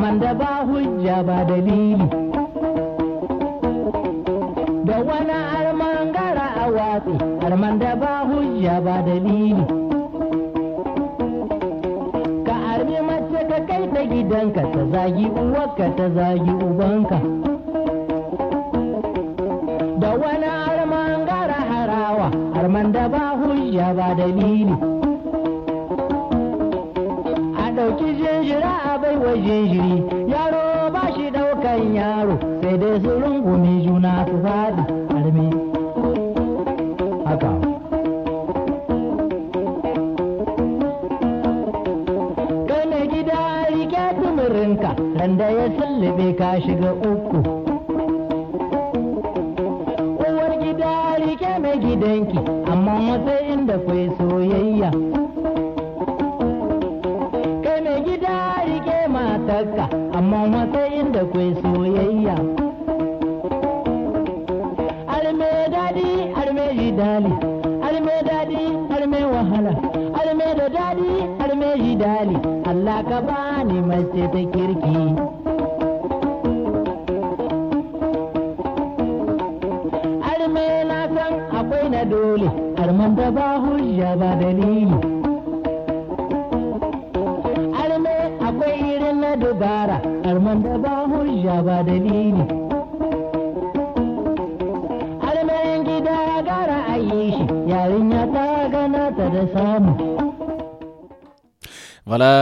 zaman da ba hujja ba dalili da wani arman gara a watsi arman da ba hujja ba dalili ka armi mace ka kai ta gidanka ta zagi uwarka ta zagi ubanka da wani arman gara harawa arman da ba hujja ba dalili ko jinjiri yaro ba shi daukan yaro sai dai su rungumi juna su faɗi arme haka kai mai gida rike tumurinka randa ya sallube ka shiga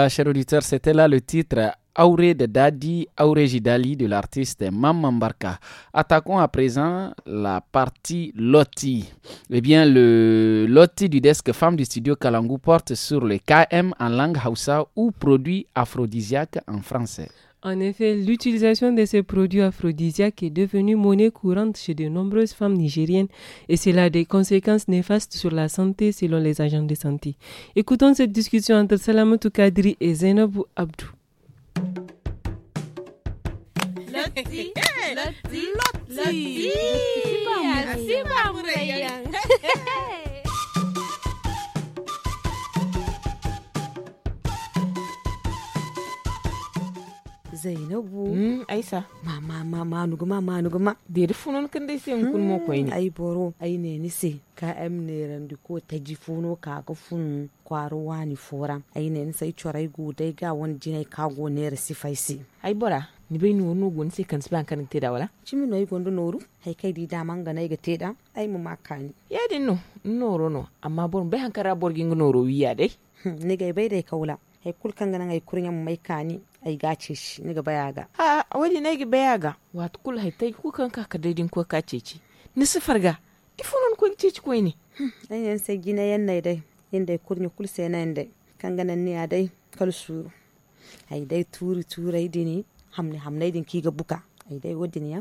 Cher auditeur, c'était là le titre Auré de Dadi, Auré Gidali » de l'artiste Barka. Attaquons à présent la partie Loti. Eh bien, le Loti du desk femme du studio Kalangu porte sur le KM en langue Hausa ou produit aphrodisiaque en français. En effet, l'utilisation de ces produits aphrodisiaques est devenue monnaie courante chez de nombreuses femmes nigériennes et cela a des conséquences néfastes sur la santé selon les agents de santé. Écoutons cette discussion entre Salamatou Kadri et Zainabou Abdou. zainabu mm, aisa ma ma ma ma nugu ma nuguma deri funon kan dai sai mun mo mm, koyi ne ai boro ai ne ni se ka am ne randi ko ta ji funo ka ga fun kwaro wani fora ai ne ni sai chorai gu dai ga wani jinai ka go ne rasi faisi ai bora ni bai nuwa nugu ni sai kan siban kan te da wala chimi no igon gondo noru hai kai di da manga nai ga te da ai mu makani ya din no noro no amma bor bai hankara borgin noro wiya dai hm, ne gai bai dai kaula ai kulkan ganan ay kurinya mai kani ay gace shi ni ga ga. a wani ne ga bayaga wato kul hay tai kukan ka ka daidin ko ka cece ni sifar ga ifunun ko cece ko ne hmm, dan yan sai gina yan nai dai inda ay kurnya kul sai nan dai kan ganan ya dai kal su ai dai turi turai dini hamne hamne din ki ga buka ai dai wadin ya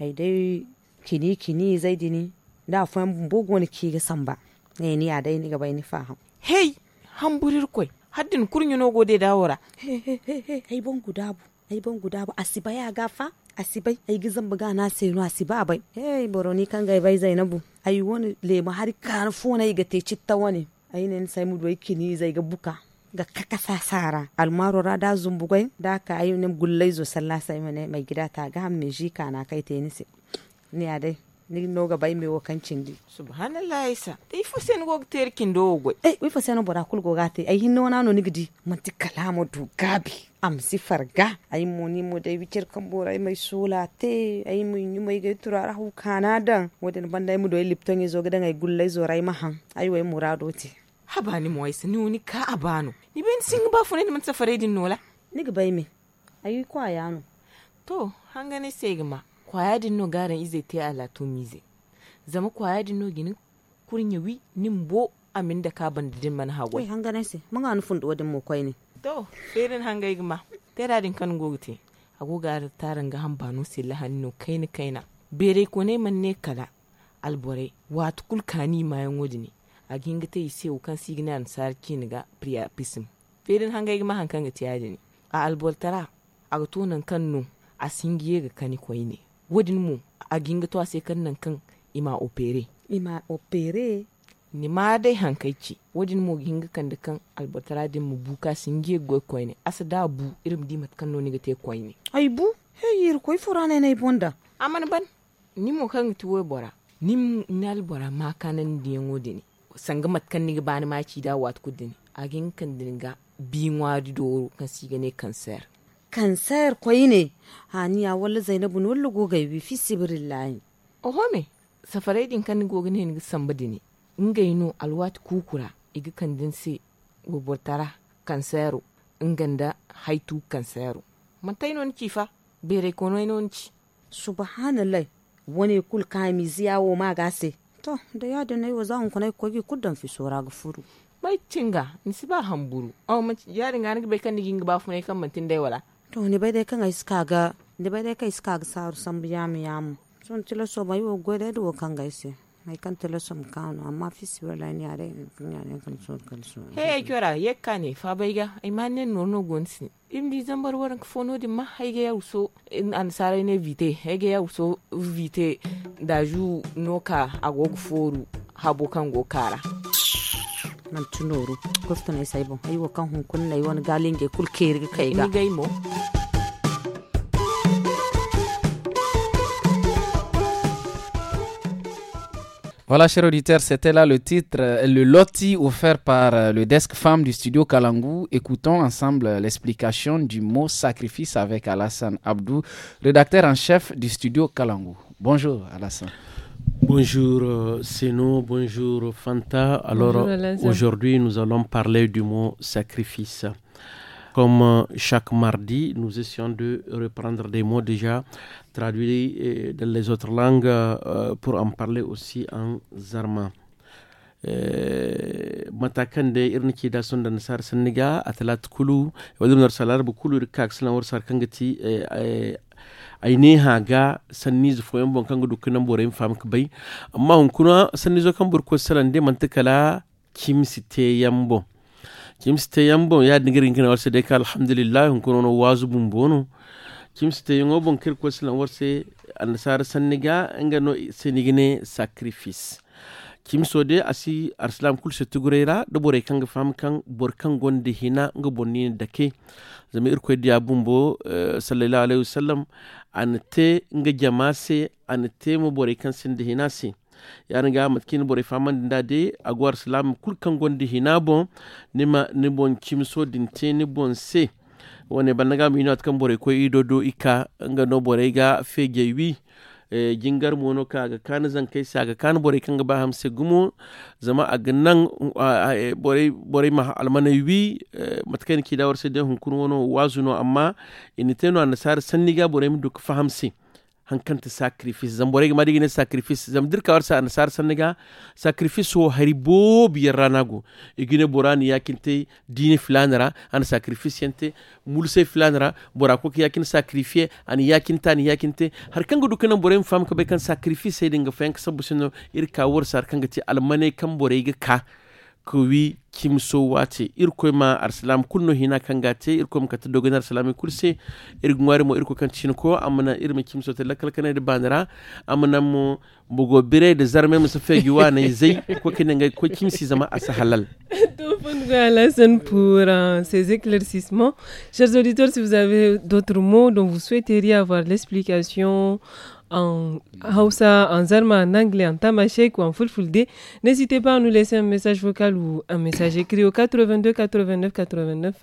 ai dai kini kini zai dini da fa bugu ne ki ga samba ne ni a dai ni ga bai ni faham hey hamburir koi haddin no gode dawora ai bon guda bu ai bon guda asiba ya gafa asibai ai gizan buga na sai no asiba bai hey boroni kan gai bai zainabu ai wani lema har karfo na ga te citta wani ai ne sai mu doi kini zai ga buka ga kasa sara almaro rada zumbugai da ka ayi ne gullai zo sallah sai mai gida ta ga hamme jika na kai tenisi ne a dai ni noga bay mi chindi. subhanallah isa ti fo sen go ter kin eh, bora kul gate ay hinno na no nigdi manti kalamo du gabi am sifarga. farga ay mo ni mo dai wicir kan te ay mo nyumay mai ga turara hu kanada wadan bandai mu do lipton zo gidan ay gullai zo rai mahan ay way murado te habani mo ay ni ka abano ni ben sing ba fo ne man safare nola niga bay me. ayi kwa yano to hangane segma kwayadin no garan ize te ala to mize zama kwayadin no ginin kurin wi nin bo amin da ka ban din man hawa wai hanga nese mun ga nufin wadin mu kwai ne to ferin hanga igma te din kan gogte agoga tarin ga hambanu lahan no kaina kaina bere ko ne man ne kala albore watu kulkani mayan wadi ne a ginga ta yi sewu kan sigina na sarki ga priya pisim ferin hanga yi mahan kan ga tiyaji ne a albortara a ga tonan kan no a singiye ga kani kwai ne wadin mu a ginga to sai kan nan kan ima opere ima opere ni ma dai hankaici wadin mu ginga kan da kan albatara din mu buka sun ge koi ne. asa da bu irin di mat noni ga te ne. ai bu hey yir koi furane ne bonda aman ban ni mo kan tuwe bora nim nal albora ma kanan diyan ne. sanga mat ni ga bani ma ci da wat ne. a ginga kan ga bi ngwari doro kan siga ne kansar. kansayar kwai ne haniya wala zainabu ne wala goga bi fi sibirin layi oho me safarai din kan goga ne ni sambadi ne yi alwat kukura iga kan din se gobortara in ganda haitu kansayaro mantai non kifa bere kono non ci subhanallah wani kul kami ziyawo ma gase to da ya da nayi wa zan kuna kogi kuddan fi sora ga furu mai cinga nisi ba hamburu aw ma yarin ga bai kan digin ba fune kan mantin dai wala to ni bai dai kan ai suka ga ni bai dai kai suka ga saru san biya mu ya mu sun tilo so bai wo gode do kan ga sai ai kan tilo so mu kan amma fi si wala ni are kan ya ne kan so kan so he ai kyora ka ne fa bai ga ai man ne nono no gonsi im di zambar waran ko fono di ma ai ga yauso in an sare ne vite ai ga yauso vite da ju noka agogo foru habo habokan gokara Voilà, chers auditeurs, c'était là le titre, le loti offert par euh, le desk femme du studio Kalangou. Écoutons ensemble l'explication du mot sacrifice avec Alassane Abdou, rédacteur en chef du studio Kalangou. Bonjour, Alassane. Bonjour euh, Seno, bonjour Fanta. Alors aujourd'hui nous allons parler du mot sacrifice. Comme euh, chaque mardi, nous essayons de reprendre des mots déjà traduits euh, dans les autres langues pour en parler aussi en zarma. aine haga sanni zu foyen bon kanga dukkanan bore fa ka bai amma hun kuna sanni zo kan burko salan de man takala kimsite yambo kimsite yambo ya digirin kina warse de ka alhamdulillah hun kuna no wazu bun bono kimsite yongo bon kir ko salan warse sanni ga nga no senigine sacrifice de asi kul se tugurera do bore kanga fam kan bor kan gonde hina nga bonni dake zama irko diya bumbo eh, sallallahu alaihi wasallam an te nga jamase an te mu bore kan sinde ya ni ga matkin bore faman da de agwar salam kul kan gondi hinabo ma ni bon chimso din te ni bon se wone banaga mi not kan bore ko idodo ika nga no bore ga fege wi jingar eh, mono ka ga kan zan kai sa ga kan bore kan gaba ba hamse gumo zama a ganan bore eh, bore ma almanai wi eh, matkan ki dawar sai da hunkun wono wazuno amma ina a nasarar sanni ga bore duka duk hamsi hankanta sacrifice zam madigine sacrifice zam dirka sa an sar sanega sacrifice wo hari bobi igine borani yakinte dini flanra, an sacrifice yente mulse flanera bora ko yakin sacrifier an yakinta yakinte har kanga dukana fam be kan sacrifice dinga fank sabu irka war sa ti almane kan ka kowi kimso wate irko ma arsalam kunno hina kangate irko ma kata dogana arsalam kurse irgo ngwari mo irko kantin ko amana irma kimso te lakal kana de banara amana mo bugo bire da zarme musu fegi wana zai ko kinin ga ko kimsi zama asahalal a halal pour euh, ces éclaircissements. Chers auditeurs, si vous avez d'autres mots dont vous souhaiteriez avoir l'explication, en Hausa, en Zarma, en anglais, en Tamashek ou en Fulfulde. N'hésitez pas à nous laisser un message vocal ou un message écrit au 82 89 89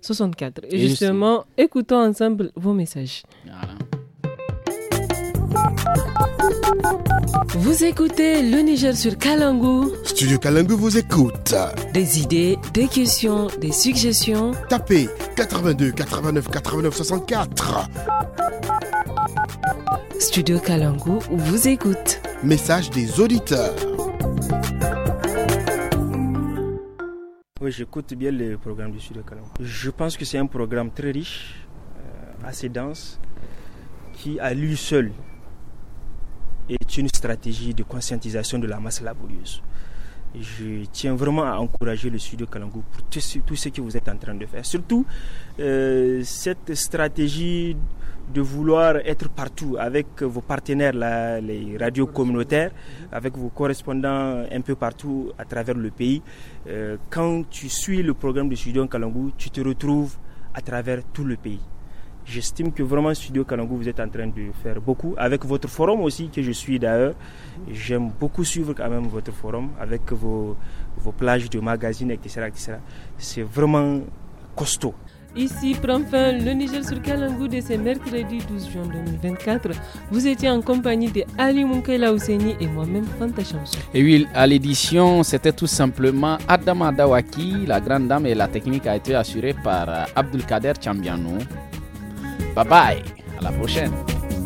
64. Et justement, écoutons ensemble vos messages. Vous écoutez le Niger sur Kalangu. Studio Kalangu vous écoute. Des idées, des questions, des suggestions. Tapez 82 89 89 64. Studio Kalangu vous écoute. Message des auditeurs. Oui, j'écoute bien le programme du Studio Kalangu. Je pense que c'est un programme très riche, euh, assez dense, qui à lui seul est une stratégie de conscientisation de la masse laborieuse. Je tiens vraiment à encourager le studio Kalangu pour tout ce, que vous êtes en train de faire. Surtout euh, cette stratégie de vouloir être partout avec vos partenaires, là, les radios communautaires, avec vos correspondants un peu partout à travers le pays. Euh, quand tu suis le programme de Studio Kalangu, tu te retrouves à travers tout le pays. J'estime que vraiment Studio Kalangu, vous êtes en train de faire beaucoup, avec votre forum aussi, que je suis d'ailleurs. J'aime beaucoup suivre quand même votre forum, avec vos, plages de magazines, etc. C'est vraiment costaud. Ici prend fin le Niger sur Kalangu de ce mercredi 12 juin 2024. Vous étiez en compagnie de Ali Moukela Ouseni et moi-même Fanta Chanson. Et oui, à l'édition, c'était tout simplement Adama Dawaki, la grande dame, et la technique a été assurée par Abdulkader Chambiano. Bye bye, à la prochaine.